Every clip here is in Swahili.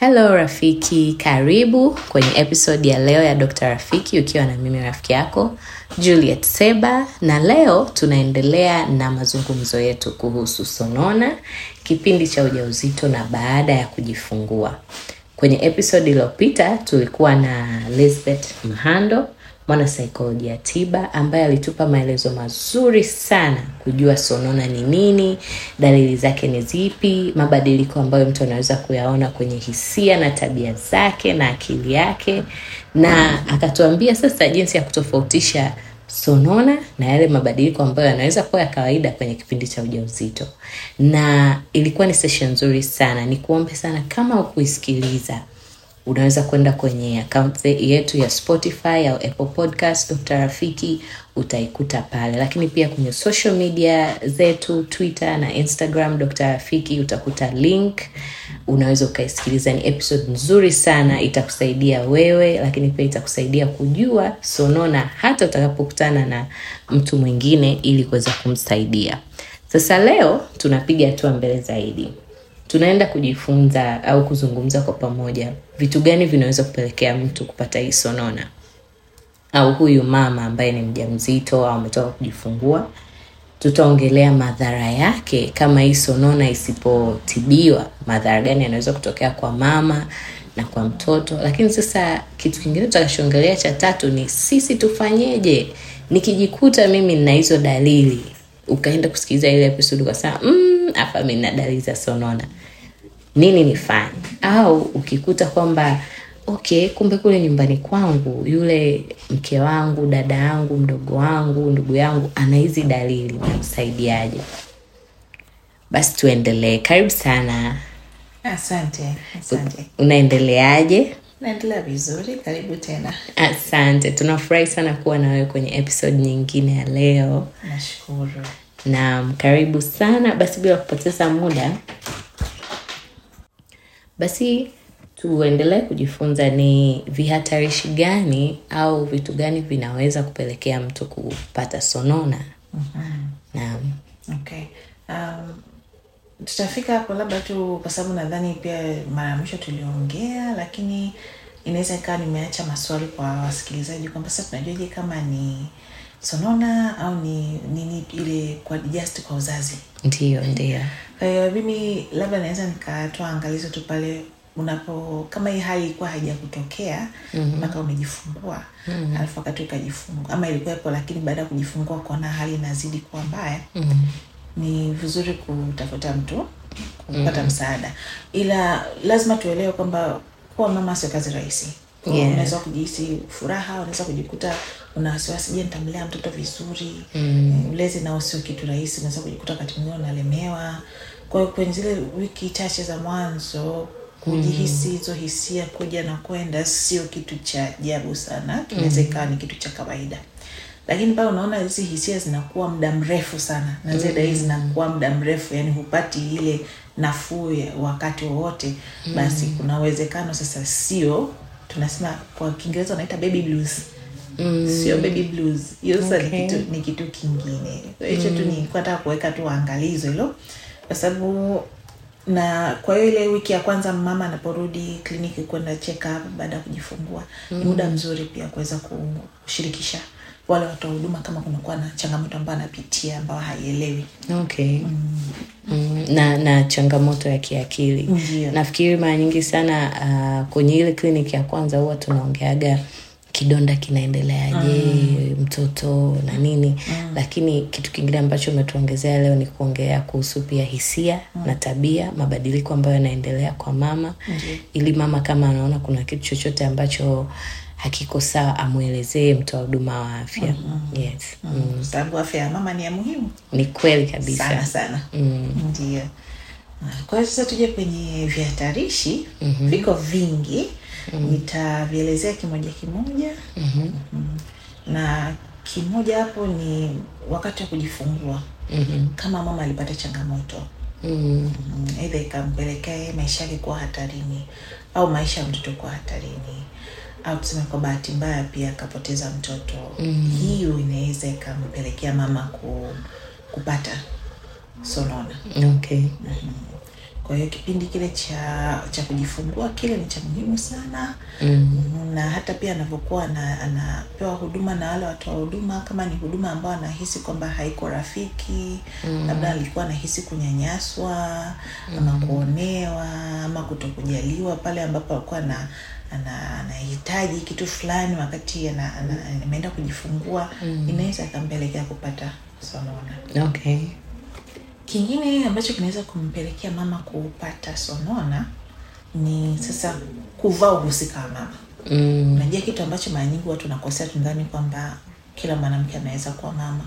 Hello rafiki, karibu kwenye episode ya leo ya Dr. Rafiki ukiwa na mimi rafiki yako Juliet Seba, na leo tunaendelea na mazungumzo yetu kuhusu sonona, kipindi cha ujauzito na baada ya kujifungua. Kwenye episode iliyopita tulikuwa na Lisbeth Mhando mwanasaikolojia tiba ambaye alitupa maelezo mazuri sana kujua sonona ni nini, dalili zake ni zipi, mabadiliko ambayo mtu anaweza kuyaona kwenye hisia na tabia zake na akili yake, na akatuambia sasa jinsi ya kutofautisha sonona na yale mabadiliko ambayo yanaweza kuwa ya kawaida kwenye kipindi cha ujauzito, na ilikuwa ni session nzuri sana. Nikuombe sana kama ukuisikiliza unaweza kwenda kwenye akaunt yetu ya Spotify au Apple Podcast Dr. Rafiki utaikuta pale, lakini pia kwenye social media zetu Twitter na Instagram Dr. Rafiki utakuta link, unaweza ukaisikiliza. Ni episode nzuri sana, itakusaidia wewe, lakini pia itakusaidia kujua sonona hata utakapokutana na mtu mwingine, ili kuweza kumsaidia. Sasa leo tunapiga hatua mbele zaidi tunaenda kujifunza au kuzungumza kwa pamoja vitu gani vinaweza kupelekea mtu kupata hii sonona au huyu mama ambaye ni mjamzito au ametoka kujifungua tutaongelea madhara yake kama hii sonona isipotibiwa madhara gani yanaweza kutokea kwa mama na kwa mtoto lakini sasa kitu kingine tutakachoongelea cha tatu ni sisi tufanyeje nikijikuta mimi nina hizo dalili ukaenda kusikiliza ile episode kwa saa mm, afa mi na dalili za sonona nini nifanye, au ukikuta kwamba okay, kumbe kule nyumbani kwangu yule mke wangu, dada yangu, mdogo wangu, ndugu yangu ana hizi dalili, namsaidiaje? Basi tuendelee. Karibu sana. Asante, asante. Unaendeleaje? Naendelea vizuri, karibu tena. Asante, tunafurahi sana kuwa na wewe kwenye episode nyingine ya leo. Nashukuru. Naam, karibu sana. Basi bila kupoteza muda basi tuendelee kujifunza ni vihatarishi gani au vitu gani vinaweza kupelekea mtu kupata sonona. Mm-hmm. Naam. Okay. Um, tutafika hapo labda tu kwa sababu nadhani pia mara ya mwisho tuliongea, lakini inaweza ikawa nimeacha maswali kwa wasikilizaji kwamba sasa tunajuaje kama ni sonona au ni nini ile kwa just kwa uzazi ndio ndio kwa eh, hiyo mimi labda naweza nikatoa angalizo tu pale unapo kama hii hali ilikuwa haijakutokea mm-hmm. mpaka umejifungua mm-hmm. alafu wakati ukajifungua ama ilikuwepo lakini baada ya kujifungua kuona hali inazidi kuwa mbaya mm-hmm. ni vizuri kutafuta mtu kupata mm-hmm. msaada ila lazima tuelewe kwamba kuwa mama sio kazi rahisi yeah. unaweza kujihisi furaha, unaweza kujikuta una wasiwasi, je, nitamlea mtoto vizuri? Mm. Eh, ulezi nao sio kitu rahisi, unaweza kujikuta wakati mwingine unalemewa. kwao kwenye zile wiki chache za mwanzo kujihisi mm. hizo mm. hisia kuja na kwenda sio kitu cha jabu sana, kinaweza mm. ikawa ni kitu cha kawaida, lakini pale unaona hizi hisia zinakuwa muda mrefu sana na zile dai mm. zinakuwa muda mrefu, yani hupati ile nafuu wakati wowote, basi kuna uwezekano sasa sio tunasema kwa kiingereza wanaita baby blues Mm. sio baby blues hiyo sasa okay. ni kitu ni kitu kingine hicho mm. tu ni nataka mm. kuweka tu waangalizo hilo kwa sababu na kwa hiyo ile wiki ya kwanza mama anaporudi kliniki kwenda check up baada ya kujifungua mm. muda mzuri pia kuweza kushirikisha wale watoa huduma kama kunakuwa na changamoto ambayo anapitia ambayo haielewi okay mm. Mm, na na changamoto ya kiakili nafikiri mara nyingi sana uh, kwenye ile kliniki ya kwanza huwa tunaongeaga kidonda kinaendeleaje mm. mtoto na mm. nini mm. lakini kitu kingine ambacho umetuongezea leo ni kuongea kuhusu pia hisia mm. na tabia mabadiliko ambayo yanaendelea kwa mama mm. ili mama kama anaona kuna kitu chochote ambacho hakiko sawa amwelezee mtoa huduma wa afya mm-hmm. yes. mm. mm. sababu afya ya mama ni ya muhimu ni kweli kabisa sana, sana. Mm. ndio kwa hiyo sasa tuje kwenye vihatarishi mm-hmm. viko vingi mm. nitavielezea kimoja kimoja mm -hmm. mm. na kimoja hapo ni wakati wa kujifungua mm -hmm. kama mama alipata changamoto mm. Mm-hmm. aidha mm-hmm. ikampelekea maisha yake kuwa hatarini au maisha ya mtoto kuwa hatarini au tuseme kwa bahati mbaya pia akapoteza mtoto mm. hiyo inaweza ikampelekea mama ku, kupata sonona okay. mm -hmm kwa hiyo kipindi kile cha cha kujifungua kile ni cha muhimu sana mm. na hata pia anavyokuwa anapewa huduma na wale watoa huduma, kama ni huduma ambayo anahisi kwamba haiko rafiki mm. labda alikuwa anahisi kunyanyaswa mm. ama kuonewa ama kutokujaliwa pale ambapo alikuwa na anahitaji ana kitu fulani wakati ameenda kujifungua mm. inaweza akampelekea kupata sonona. Okay. Kingine ambacho kinaweza kumpelekea mama kupata sonona ni sasa kuvaa uhusika wa mama. Mm. kitu ambacho mara nyingi watu nakosea, tundhani kwamba kila mwanamke anaweza kuwa mama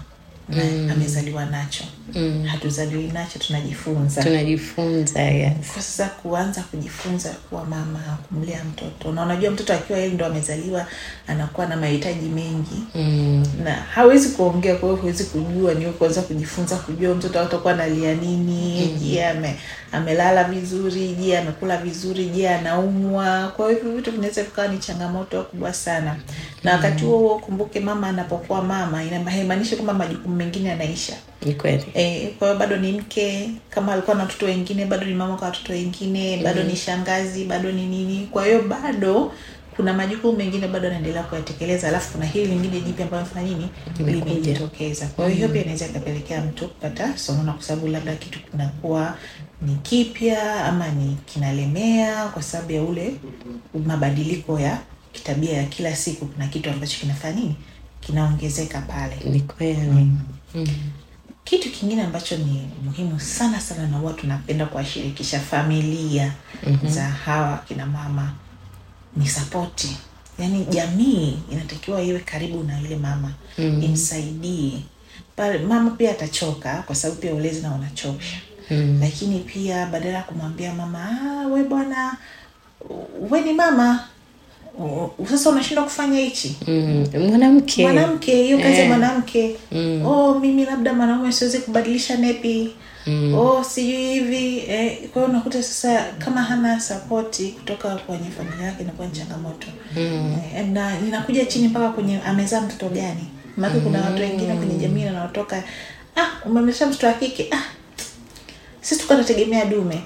mm. amezaliwa nacho mm. hatuzaliwi nacho tunajifunza tunajifunza yes. kwa sasa kuanza kujifunza kuwa mama kumlea mtoto na unajua mtoto akiwa yeye ndo amezaliwa anakuwa na mahitaji mengi mm. na hawezi kuongea kwa hiyo huwezi kujua niwe kuanza kujifunza kujua mtoto atakuwa analia nini mm. je ame, amelala vizuri je amekula vizuri je anaumwa kwa hivyo vitu vinaweza vikawa ni changamoto kubwa sana mm na wakati huo huo kumbuke mama anapokuwa mama haimaanishi kwamba majukumu mengine yanaisha ni kweli e, kwa hiyo bado ni mke kama alikuwa na watoto wengine bado ni mama kwa watoto wengine bado mm-hmm. ni mhm. shangazi bado ni nini kwa hiyo bado kuna majukumu mengine bado anaendelea kuyatekeleza alafu kuna hili lingine jipya ambayo fanya nini limejitokeza kwa hiyo hiyo pia mm. inaweza ikapelekea mtu kupata sonona kwa sababu labda kitu kinakuwa ni kipya ama ni kinalemea kwa sababu ya ule mabadiliko ya kitabia ya kila siku kuna kitu ambacho kinafanya nini kinaongezeka pale ni kweli mm. mm. kitu kingine ambacho ni muhimu sana sana na huwa tunapenda kuwashirikisha familia mm-hmm. za hawa kina mama ni sapoti yaani jamii inatakiwa iwe karibu na ile mama mm-hmm. imsaidie mama pia atachoka kwa sababu pia ulezi na unachosha mm. lakini pia badala ya kumwambia mama ah, we bwana we ni mama sasa umeshindwa kufanya hichi mm. mwanamke mwanamke hiyo kazi ya eh. mwanamke mm. oh mimi labda mwanaume siwezi kubadilisha nepi mm. oh sijui hivi eh, kwao unakuta sasa kama hana sapoti kutoka kwenye familia yake inakuwa ni changamoto mm. eh, na inakuja chini mpaka kwenye amezaa mtoto gani maake mm. kuna watu wengine kwenye jamii wanaotoka ah umemlesha mtoto wa kike ah sisi tukuwa tunategemea dume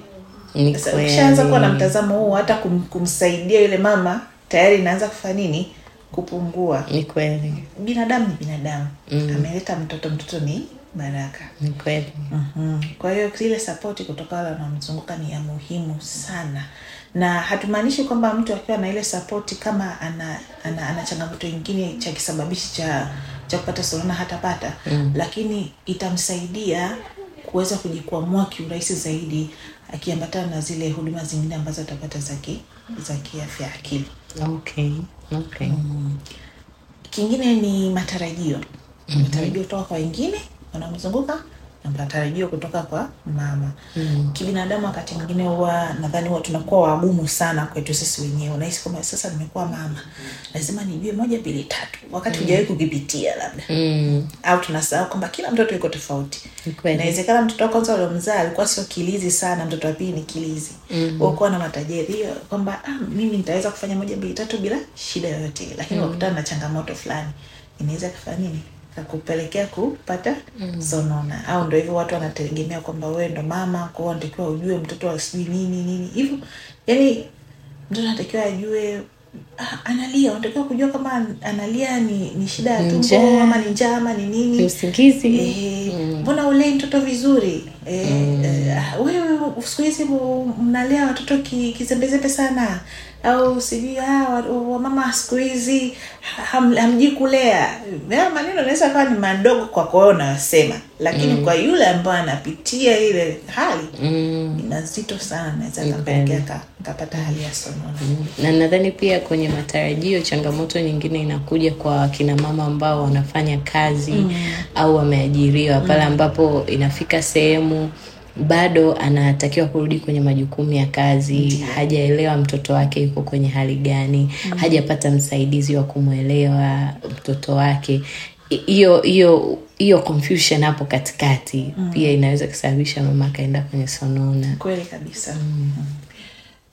ukishaanza kuwa na mtazamo huu hata kum, kumsaidia yule mama tayari inaanza kufanya nini kupungua ni kweli binadamu ni binadamu mm. ameleta mtoto mtoto ni baraka ni kweli mm-hmm. kwa hiyo ile sapoti kutoka wale wanaomzunguka ni ya muhimu sana na hatumaanishi kwamba mtu akiwa na ile sapoti kama ana, ana, ana changamoto ingine cha kisababishi cha cha kupata sorona hatapata mm. lakini itamsaidia kuweza kujikwamua kiurahisi zaidi akiambatana na zile huduma zingine ambazo atapata za za kiafya akili. Okay, okay. Mm. Kingine ni matarajio mm -hmm. matarajio kutoka kwa wengine wanaomzunguka na mnatarajia kutoka kwa mama mm. Kibinadamu wakati mwingine huwa nadhani huwa tunakuwa wagumu sana kwetu sisi wenyewe. Unahisi kwamba sasa nimekuwa mama, lazima nijue moja mbili tatu, wakati hmm. hujawahi mm. kukipitia labda mm. au tunasahau kwamba kila mtoto yuko tofauti. Inawezekana mtoto wa kwanza uliomzaa alikuwa sio kilizi sana, mtoto wa pili ni kilizi mm. Ukuwa na matajirio kwamba ah, mimi nitaweza kufanya moja mbili tatu bila shida yoyote, lakini mm. wakutana na changamoto fulani inaweza kufanya nini na kupelekea kupata mm. sonona au ndo hivyo watu wanategemea kwamba wewe ndo mama kwao anatakiwa ujue mtoto asijui nini nini hivyo yani mtoto anatakiwa ajue ah, analia unatakiwa kujua kama analia ni, ni shida ya tumbo ama ni njaa ama ni nini usingizi eh, mm. mbona e, mm. ulei mtoto vizuri e, mm. e, wewe siku hizi mnalea watoto kizembezembe ki sana au sijui ah, wamama siku hizi ham, hamjui kulea. Ya maneno anaweza kawa ni madogo kwako wewe unayosema, lakini mm. kwa yule ambaye anapitia ile hali mm. ina zito sana, naweza kapelekea kapata hali ya sonona mm. na nadhani pia kwenye matarajio, changamoto nyingine inakuja kwa kina mama ambao wanafanya kazi mm. au wameajiriwa pale mm. ambapo inafika sehemu bado anatakiwa kurudi kwenye majukumu ya kazi Ndiyo. hajaelewa mtoto wake yuko kwenye hali gani mm. hajapata msaidizi wa kumwelewa mtoto wake hiyo hiyo hiyo confusion hapo katikati mm. pia inaweza kusababisha mama akaenda kwenye sonona kweli kabisa mm.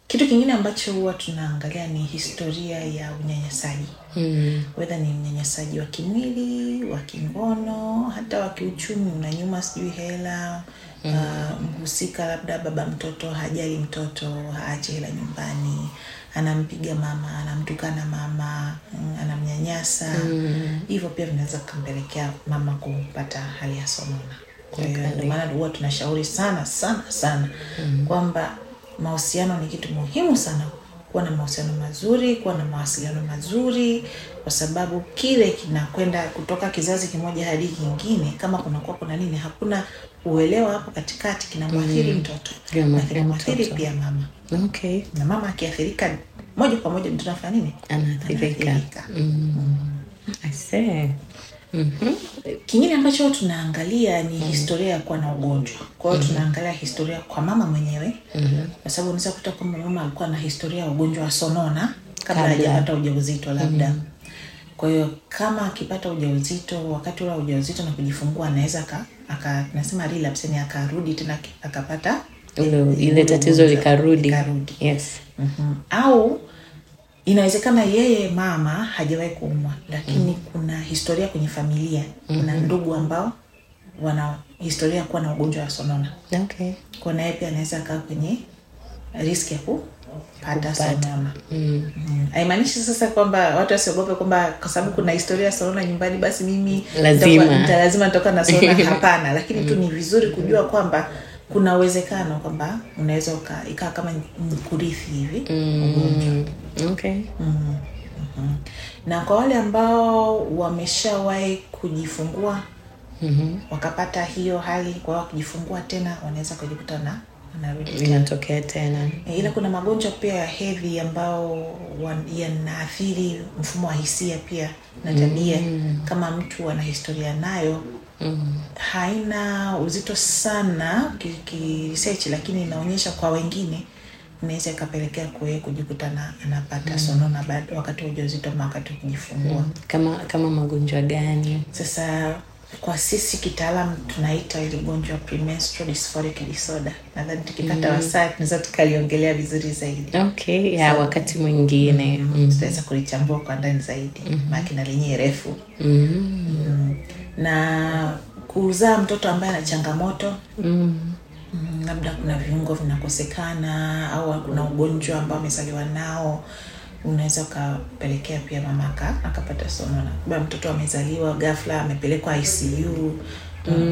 kitu kingine ambacho huwa tunaangalia ni historia ya unyanyasaji mm. ni unyanyasaji wa kimwili wa kingono hata wa kiuchumi una nyuma sijui hela Mm-hmm. Ah, mhusika, labda baba mtoto hajali mtoto, haache hela nyumbani, anampiga mama, anamtukana mama, mm, anamnyanyasa mm-hmm. hivyo, mm. pia vinaweza kumpelekea mama kupata hali ya somona Kwa ndio maana huwa tunashauri sana sana sana mm. kwamba mahusiano ni kitu muhimu sana kuwa na mahusiano mazuri, kuwa na mawasiliano mazuri, kwa sababu kile kinakwenda kutoka kizazi kimoja hadi kingine. Kama kunakuwa kuna nini, hakuna uelewa hapo katikati, kinamwathiri mm. mtoto na kinamwathiri pia mama okay. na mama akiathirika moja kwa moja mtoto anafanya nini? Anaathirika. mm. Mm. Mm-hmm. Kingine ambacho tunaangalia ni mm-hmm. historia ya kuwa na ugonjwa. Kwa hiyo mm-hmm. tunaangalia historia kwa mama mwenyewe mm-hmm. kwa sababu unaweza kuta kwamba mama alikuwa na historia ya ugonjwa wa sonona kabla hajapata ujauzito labda mm-hmm. Kwa hiyo kama akipata ujauzito wakati ule wa ujauzito na kujifungua anaweza nasema rilapseni akarudi tena akapata ile tatizo Likarudi. Yes. Mm-hmm. Au inawezekana yeye mama hajawahi kuumwa lakini mm. kuna historia kwenye familia mm -hmm. kuna mm-hmm. ndugu ambao wana historia ya kuwa na ugonjwa wa sonona okay. kwa naye pia anaweza akaa kwenye riski ya kupata sonona mm. mm. sasa kwamba watu wasiogope kwamba kwa sababu kuna historia ya sonona nyumbani basi mimi lazima lazima nitoka na sonona hapana lakini mm. tu ni vizuri kujua kwamba mm kuna uwezekano kwamba unaweza ikaa kama kurithi hivi mm. okay. mm-hmm. mm-hmm. na kwa wale ambao wameshawahi kujifungua mm-hmm. wakapata hiyo hali kwa wakijifungua tena wanaweza kujikuta na inatokea tena e, ila kuna magonjwa pia ya hedhi ambao yanaathiri mfumo wa hisia pia na mm. tabia mm. kama mtu ana historia nayo mm. haina uzito sana kisechi, lakini inaonyesha kwa wengine inaweza ikapelekea kuwe kujikuta na anapata mm. sonona baada wakati wa uzito ama wakati kujifungua. mm. kama kama magonjwa gani sasa? Kwa sisi kitaalam tunaita ile gonjwa premenstrual dysphoric disorder. Nadhani tukipata mm. wasaa tunaweza tukaliongelea vizuri zaidi. Okay, ya so, wakati mwingine mm, mm. tutaweza kulichambua kwa ndani zaidi mm-hmm. mm-hmm. mm -hmm. maana lenyewe refu mm -hmm. mm na kuzaa mtoto ambaye ana changamoto mm. Mm, labda kuna viungo vinakosekana au kuna ugonjwa ambao amezaliwa nao unaweza ukapelekea pia mama akapata sonona labda mtoto amezaliwa ghafla amepelekwa icu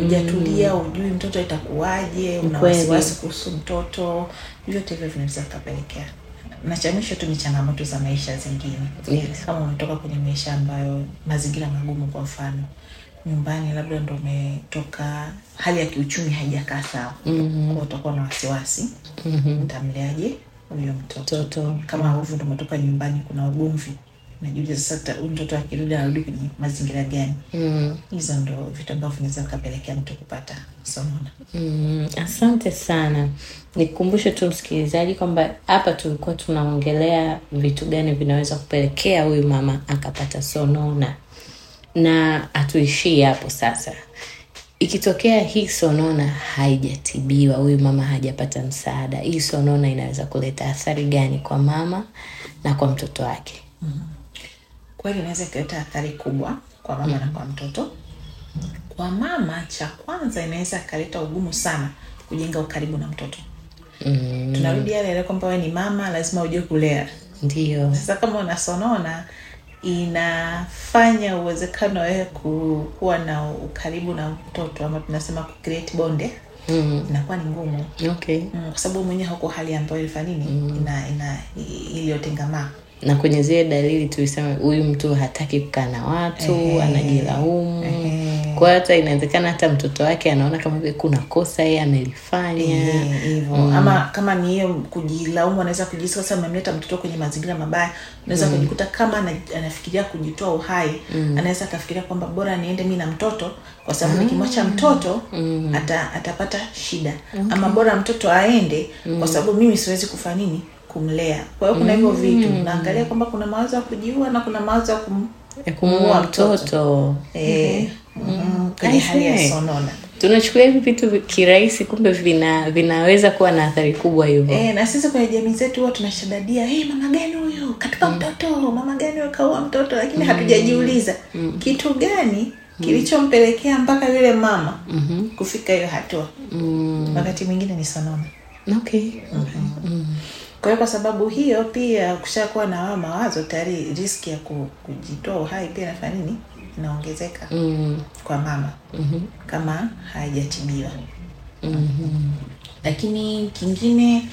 ujatulia mm. ujui mtoto itakuwaje una wasiwasi kuhusu mtoto vyote hivyo vinaweza vikapelekea na cha mwisho tu ni changamoto za maisha zingine yes. kama unatoka kwenye maisha ambayo mazingira magumu kwa mfano nyumbani labda ndo umetoka hali ya kiuchumi haijakaa sawa mm-hmm. kwao utakuwa na wasiwasi mm-hmm. huyo mtoto kama uvu ndo umetoka nyumbani kuna ugomvi najulia sasa mtoto akirudi anarudi kwenye mazingira gani mhm. hizo mm. ndo vitu ambavyo vinaweza vikapelekea mtu kupata somona mm. asante sana nikukumbushe tu msikilizaji kwamba hapa tulikuwa tunaongelea vitu gani vinaweza kupelekea huyu mama akapata sonona na atuishie hapo sasa ikitokea hii sonona haijatibiwa, huyu mama hajapata msaada, hii sonona inaweza kuleta athari gani kwa mama na kwa mtoto wake? mm -hmm. Kweli inaweza ikaleta athari kubwa kwa mama mm -hmm. na kwa mtoto. Kwa mama, cha kwanza inaweza ikaleta ugumu sana kujenga ukaribu na mtoto. mm -hmm. Tunarudi yale yale kwamba wewe ni mama, lazima ujue kulea. Ndio sasa kama unasonona inafanya uwezekano wewe kuwa na ukaribu na mtoto ama tunasema create bonde mm. inakuwa ni ngumu okay. mm, kwa sababu mwenyewe hauko hali ambayo nini mm. ina, ina iliyotengamaa na kwenye zile dalili tuisema huyu mtu hataki kukaa na watu anajilaumu kwa hata inawezekana hata mtoto wake anaona kama vile kuna kosa yeye amelifanya hivyo mm. Ama kama ni yeye kujilaumu, anaweza kujisikia sasa amemleta mtoto kwenye mazingira mabaya. Unaweza mm. kujikuta kama anafikiria kujitoa uhai mm. anaweza akafikiria kwamba bora niende mi na mtoto, kwa sababu mm. nikimwacha mtoto mm. ata, atapata shida okay. Ama bora mtoto aende mm. kwa sababu mimi siwezi kufanya nini kumlea. Kwa hiyo kuna mm. hivyo mm. vitu naangalia kwamba kuna mawazo ya kujiua na kuna mawazo ya kum ya mm, mtoto eh, mm-hmm. mm-hmm. mm-hmm. tunachukulia hivi vitu kirahisi kumbe vina vinaweza kuwa na athari kubwa hivyo e, na sisi kwenye jamii zetu huwa tunashadadia hey, eh, mama gani huyu katupa mm. mtoto mama gani kaua mtoto lakini mm. hatujajiuliza mm. kitu gani mm. kilichompelekea mpaka yule mama mm-hmm. kufika hiyo hatua mm. wakati mwingine ni sonona okay. mm-hmm. Mm-hmm. Kwa hiyo kwa sababu hiyo pia ukishakuwa na hayo mawazo tayari riski ya kujitoa uhai pia nafanya nini inaongezeka mm. kwa mama mm-hmm. kama haijatibiwa mm-hmm. lakini kingine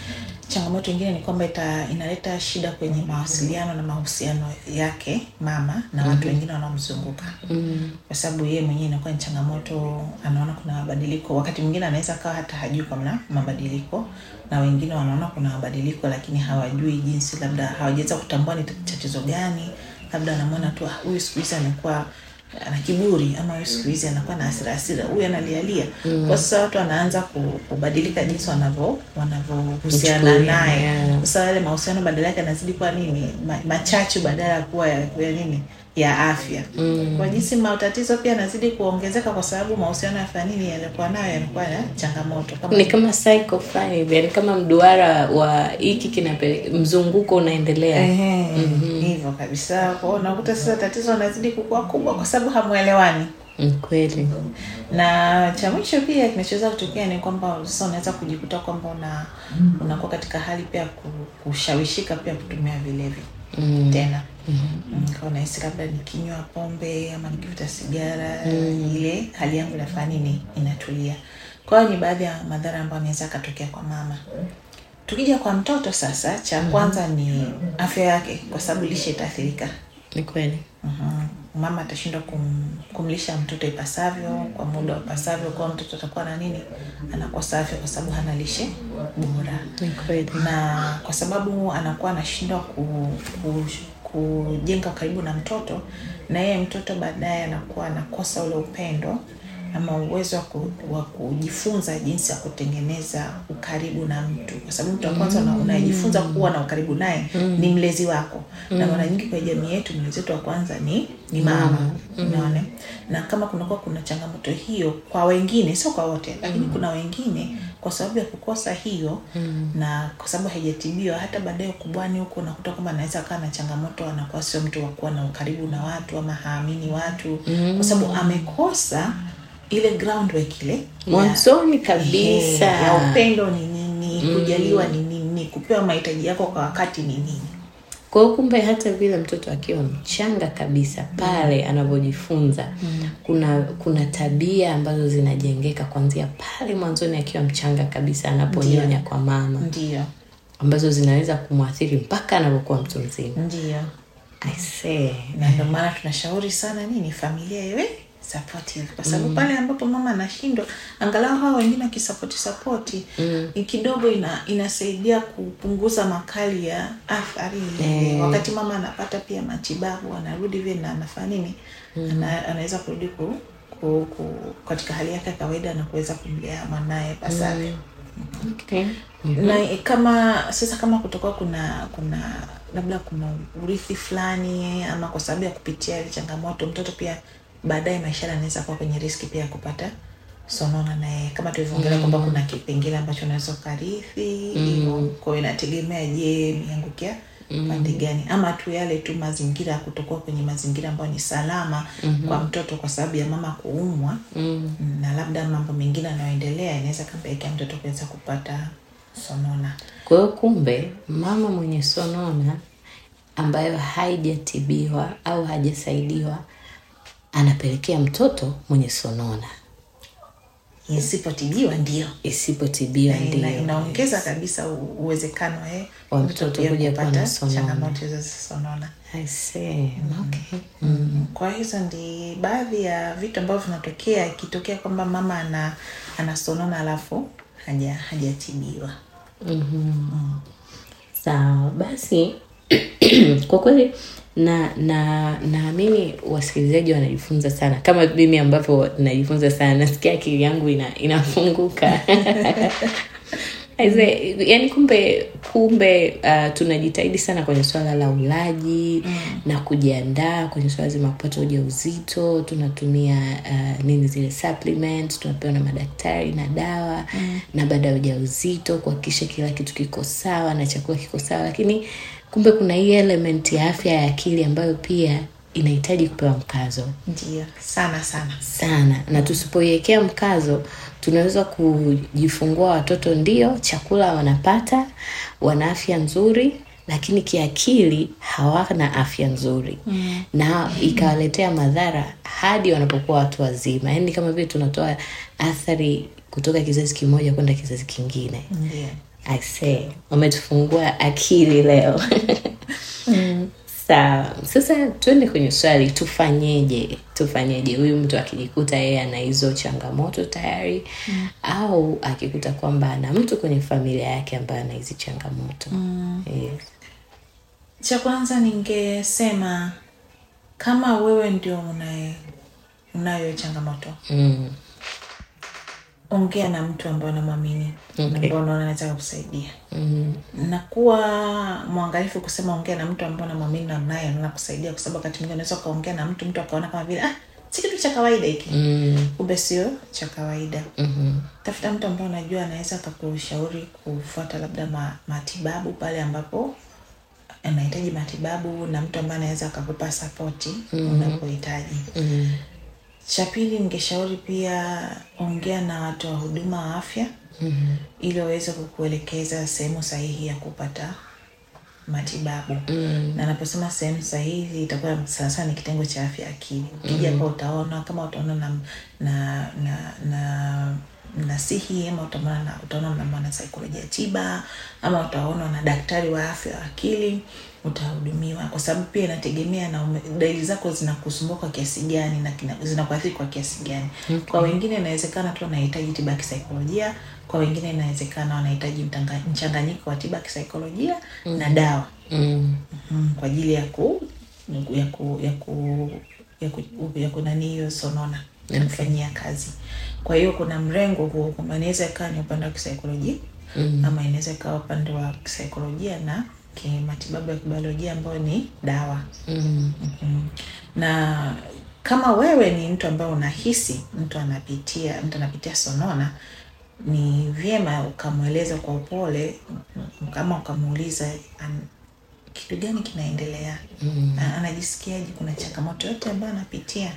Changamoto ingine ni kwamba ita, inaleta shida kwenye mm -hmm. mawasiliano na mahusiano yake mama na watu mm -hmm. wengine wanaomzunguka mm -hmm. kwa sababu yeye mwenyewe inakuwa ni changamoto, anaona kuna mabadiliko. Wakati mwingine anaweza akawa hata hajui kuna mabadiliko, na wengine wanaona kuna mabadiliko, lakini hawajui jinsi, labda hawajaweza kutambua ni tatizo gani, labda anamwona tu ah, huyu siku hizi amekuwa ana kiburi ama siku hizi anakuwa na hasira hasira, huyu analialia mm. Kwa sasa watu wanaanza kubadilika jinsi wanavyo wanavyohusiana naye. Sasa yale mahusiano badala yake anazidi kuwa nini, machachu badala ya kuwa ya nini ya afya mm. Kwa jinsi matatizo pia yanazidi kuongezeka, kwa sababu mahusiano ya familia yalikuwa nayo yalikuwa na changamoto, kama ni kama psycho five, yani kama mduara wa hiki kinapeleka mzunguko unaendelea mm -hmm. Hivyo kabisa. Kwa hiyo unakuta sasa tatizo linazidi kukua kubwa, kwa sababu hamuelewani mm, kweli. Na cha mwisho pia kinachoweza kutokea ni kwamba sasa unaweza kujikuta kwamba una unakuwa katika hali pia kushawishika pia kutumia vilevi mm. tena mm-hmm. Mm-hmm. nikawa nahisi labda nikinywa pombe ama nikivuta sigara mm. ile hali yangu nafani inatulia kwayo ni baadhi ya madhara ambayo anaweza akatokea kwa mama tukija kwa mtoto sasa cha kwanza ni afya yake kwa sababu lishe itaathirika ni kweli mm-hmm mama atashindwa kum, kumlisha mtoto ipasavyo kwa muda ipasavyo kwa mtoto atakuwa na nini, anakosa afya kwa sababu hana lishe bora, na kwa sababu anakuwa anashindwa ku, ku, kujenga karibu na mtoto, na yeye mtoto baadaye anakuwa anakosa ule upendo ama uwezo wa kujifunza jinsi ya kutengeneza ukaribu na mtu, kwa sababu mtu wa kwanza mm. unajifunza kuwa na ukaribu naye mm. ni mlezi wako mm. na mara nyingi kwa jamii yetu mlezi wetu wa kwanza ni ni mama mm. unaona, na kama kunakuwa kuna changamoto hiyo kwa wengine, sio kwa wote, lakini mm. kuna wengine kwa sababu ya kukosa hiyo mm. na kwa sababu haijatibiwa, hata baadaye ukubwani huko unakuta kwamba anaweza kaa na changamoto, anakuwa sio mtu wa kuwa na ukaribu na watu ama haamini watu mm. kwa sababu amekosa ile groundwork ile mwanzoni kabisa ya upendo ni nini mm. kujaliwa ni nini kupewa mahitaji yako kwa wakati ni nini kwa hiyo kumbe hata vile mtoto akiwa mchanga kabisa pale mm. anavyojifunza mm. kuna kuna tabia ambazo zinajengeka kuanzia pale mwanzoni akiwa mchanga kabisa anaponyonya kwa mama ndio ambazo zinaweza kumwathiri mpaka anapokuwa mtu mzima ndio na ndio maana tunashauri sana nini familia iwe supportive kwa mm. sababu mm. pale ambapo mama anashindwa angalau hawa wengine akisapoti sapoti mm. kidogo ina, inasaidia kupunguza makali ya athari mm. wakati mama anapata pia matibabu anarudi vile na anafanya nini mm. ana, anaweza kurudi ku, ku, ku, katika hali yake ya kawaida na kuweza kumlea mwanaye pasavyo mm. Okay. Mm-hmm. na kama sasa kama kutokuwa kuna kuna labda kuna urithi fulani ama kwa sababu ya kupitia changamoto mtoto pia baadaye maisha anaweza kuwa kwenye riski pia ya kupata sonona naye kama tulivyoongelea mm. kwamba kuna kipengele ambacho unaweza ukarithi mm. kwao inategemea je niangukia mm. pande gani ama tu yale tu mazingira ya kutokuwa kwenye mazingira ambayo ni salama mm-hmm. kwa mtoto kwa sababu ya mama kuumwa mm. na labda mambo mengine anayoendelea inaweza kampelekea mtoto kuweza kupata sonona kwa hiyo kumbe mama mwenye sonona ambayo haijatibiwa au hajasaidiwa mm anapelekea mtoto mwenye sonona. Isipotibiwa ndio, isipotibiwa eh, ndio inaongeza kabisa uwezekano eh, wa mtoto kuja kupata changamoto za sonona. I see. Mm-hmm. Okay. Mm-hmm. Mm. Kwa hizo ndi baadhi ya vitu ambavyo vinatokea ikitokea kwamba mama ana anasonona alafu haja hajatibiwa. mm -hmm. mm. Sawa basi kwa kweli na na naamini wasikilizaji wanajifunza sana kama mimi ambavyo najifunza sana nasikia akili yangu ina, inafunguka Aze, yani kumbe kumbe uh, tunajitahidi sana kwenye swala la ulaji mm. na kujiandaa kwenye swala zima kupata ujauzito tunatumia uh, nini zile supplement tunapewa na madaktari na dawa mm. na baada ya ujauzito kuhakikisha kila kitu kiko sawa na chakula kiko sawa lakini kumbe kuna hii element ya afya ya akili ambayo pia inahitaji kupewa mkazo. Ndio, sana sana sana, na tusipoiwekea mkazo tunaweza kujifungua watoto, ndio chakula wanapata, wana afya nzuri, lakini kiakili hawana afya nzuri mm. na ikawaletea madhara hadi wanapokuwa watu wazima, yaani kama vile tunatoa athari kutoka kizazi kimoja kwenda kizazi kingine. yeah. I umetufungua akili leo mm. sa sasa tuende kwenye swali, tufanyeje? Tufanyeje huyu mtu akijikuta yeye ana hizo changamoto tayari mm. au akikuta kwamba ana mtu kwenye familia yake ambaye ana hizi changamoto mm. yes. Cha kwanza ningesema kama wewe ndio unayo changamoto mm ongea na mtu ambaye namwamini okay. naona unaona kusaidia mm -hmm. nakuwa mwangalifu kusema ongea na mtu ambaye namwamini namnaye anaona kusaidia kwa sababu wakati mwingine unaweza ukaongea na mtu mtu akaona kama vile ah, si kitu cha kawaida hiki mm. kumbe sio cha kawaida mm-hmm. tafuta mtu ambaye unajua anaweza akakushauri kufuata labda ma, matibabu pale ambapo anahitaji matibabu na mtu ambaye anaweza akakupa sapoti mm-hmm. unapohitaji mm-hmm cha pili, ningeshauri pia ongea na watu wa huduma wa afya mm -hmm. ili waweze kukuelekeza sehemu sahihi ya kupata matibabu mm -hmm. na naposema sehemu sahihi itakuwa sanasana ni kitengo cha afya akili. Ukija mm -hmm. utaona kama utaona na na na, na nasihi ama utaona na mwanasaikolojia tiba ama utaona na daktari wa afya wa akili utahudumiwa, kwa sababu pia inategemea na dalili zako zinakusumbua kwa kiasi gani na zinakuathiri kwa kiasi gani. Okay. Kwa wengine inawezekana tu wanahitaji tiba ya kisaikolojia, kwa wengine inawezekana wanahitaji mchanganyiko wa tiba ya kisaikolojia mm -hmm. na dawa mm -hmm. kwa ajili ya ku ya ku ya ku ya ku ya ku nani hiyo sonona okay. kufanyia kazi. Kwa hiyo kuna mrengo huo, kwamba inaweza ikawa ni upande wa kisaikolojia mm -hmm. ama inaweza ikawa upande wa kisaikolojia na kimatibabu ya kibiolojia ambayo ni dawa mm. mm-hmm. na kama wewe ni mtu ambaye unahisi mtu anapitia mtu anapitia sonona, ni vyema ukamweleza kwa upole, kama ukamuuliza kitu gani kinaendelea, mm. anajisikiaje, kuna changamoto yote ambayo anapitia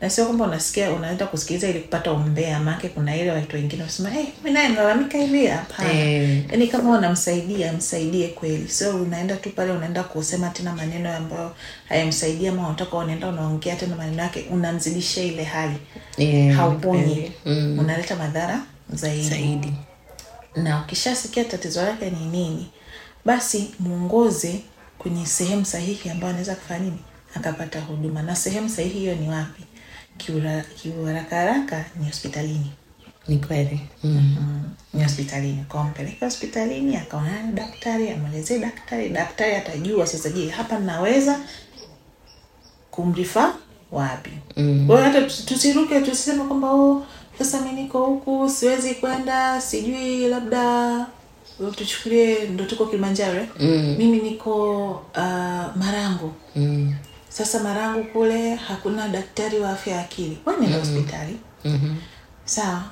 na sio kwamba unasikia unaenda kusikiliza ili kupata umbea maake kuna ile watu wengine wasema hey, eh, mi naye nalalamika hivi hapana hey. Eh. yani kama unamsaidia msaidie kweli sio unaenda tu pale unaenda kusema tena maneno ambayo hayamsaidia ama unataka unaenda unaongea tena maneno yake unamzidisha ile hali yeah, hauponyi yeah. mm. unaleta madhara zaidi, zaidi. na ukishasikia tatizo lake ni nini basi mwongoze kwenye sehemu sahihi ambayo anaweza kufanya nini akapata huduma na sehemu sahihi hiyo ni wapi kiurakaharaka ni hospitalini ni kweli mm. ni hospitalini kampeleka hospitalini akaonana yaani daktari amwelezee daktari daktari atajua sasa je hapa naweza kumrifa wapi mm. kwao hata tusiruke tusisema kwamba oh, sasa mi niko huku siwezi kwenda sijui labda oh, tuchukulie ndo tuko kilimanjaro mm. mimi niko uh, ah, marango mm sasa Marangu kule hakuna daktari wa afya ya akili, wewe mm-hmm. hospitali mm -hmm. mm -hmm. sawa.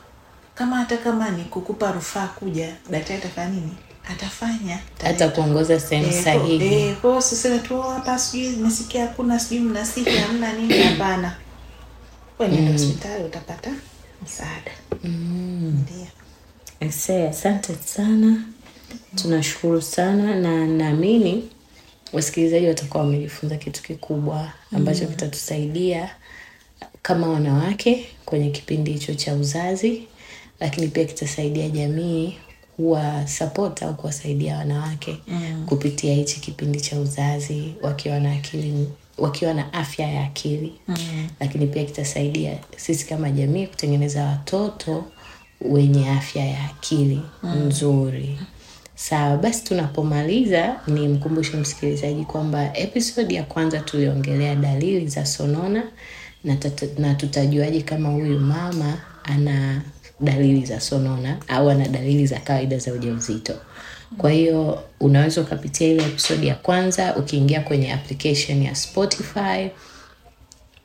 Kama hata kama ni kukupa rufaa kuja, daktari atafanya nini? Atafanya, atakuongoza sehemu eh, sahihi. Eh, kwa hiyo tu hapa, sijui nimesikia hakuna, sijui mnasikia hamna nini. Hapana, wewe mm. hospitali utapata msaada mm. Ndio. Asante sana, tunashukuru sana na naamini wasikilizaji watakuwa wamejifunza kitu kikubwa ambacho mm. kitatusaidia kama wanawake kwenye kipindi hicho cha uzazi, lakini pia kitasaidia jamii kuwa support au kuwasaidia wanawake mm. kupitia hichi kipindi cha uzazi wakiwa na akili wakiwa na afya ya akili mm. lakini pia kitasaidia sisi kama jamii kutengeneza watoto wenye afya ya akili mm. nzuri. Sawa basi, tunapomaliza ni mkumbushe msikilizaji kwamba episodi ya kwanza tuliongelea dalili za sonona na, na tutajuaje kama huyu mama ana dalili za sonona au ana dalili za kawaida za ujauzito. Kwa hiyo unaweza ukapitia ile episodi ya kwanza ukiingia kwenye application ya Spotify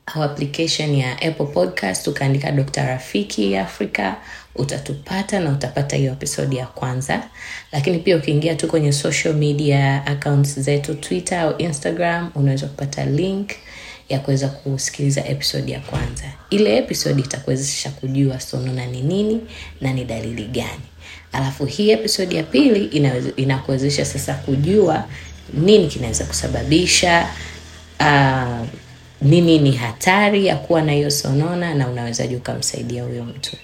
au application ya Apple Podcast ukaandika Dr. Rafiki Africa utatupata na utapata hiyo episodi ya kwanza, lakini pia ukiingia tu kwenye social media accounts zetu Twitter au Instagram, unaweza kupata link ya kuweza kusikiliza episodi ya kwanza. Ile episodi itakuwezesha kujua sonona ni nini na ni dalili gani. Alafu hii episodi ya pili inakuwezesha sasa kujua nini kinaweza kusababisha uh, nini ni hatari ya kuwa na hiyo sonona na unawezaji ukamsaidia huyo mtu.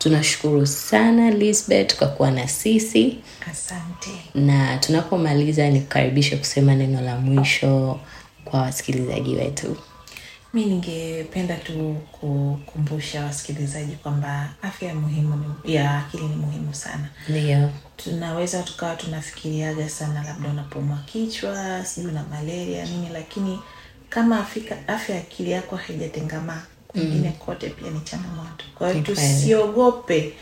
Tunashukuru sana Lisbeth kwa kuwa na sisi, asante. Na tunapomaliza, nikukaribishe kusema neno la mwisho kwa wasikilizaji wetu. Mi ningependa tu kukumbusha wasikilizaji kwamba afya muhimu ya akili ni muhimu sana. Ndio tunaweza tukawa tunafikiriaga sana, labda unapomwa kichwa, sijui na malaria nini, lakini kama afika, afya ya akili yako haijatengamaa kwingine mm. kote pia ni changamoto. Kwa hiyo tusiogope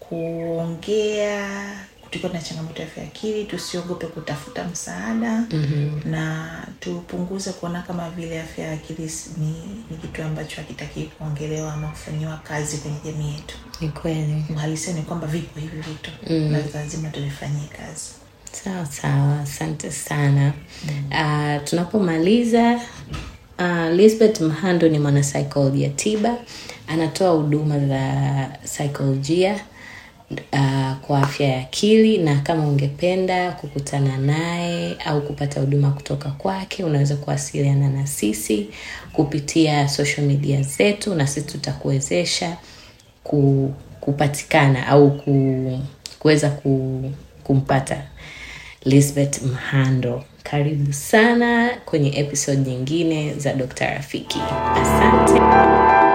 kuongea tuko na changamoto ya afya akili, tusiogope kutafuta msaada mm-hmm. na tupunguze kuona kama vile afya ya akili ni, ni kitu ambacho hakitakii kuongelewa ama kufanyiwa kazi kwenye jamii yetu. Ni kweli, uhalisia ni kwamba vipo hivi vitu mm. na lazima tuvifanyie kazi. Sawa sawa, asante sana mm. Uh, tunapomaliza Uh, Lisbeth Mhando ni mwanasaikolojia tiba, anatoa huduma za psykolojia uh, kwa afya ya akili, na kama ungependa kukutana naye au kupata huduma kutoka kwake, unaweza kuwasiliana na sisi kupitia social media zetu, na sisi tutakuwezesha ku, kupatikana au ku, kuweza ku, kumpata Lisbeth Mhando. Karibu sana kwenye episode nyingine za Dokta Rafiki. Asante.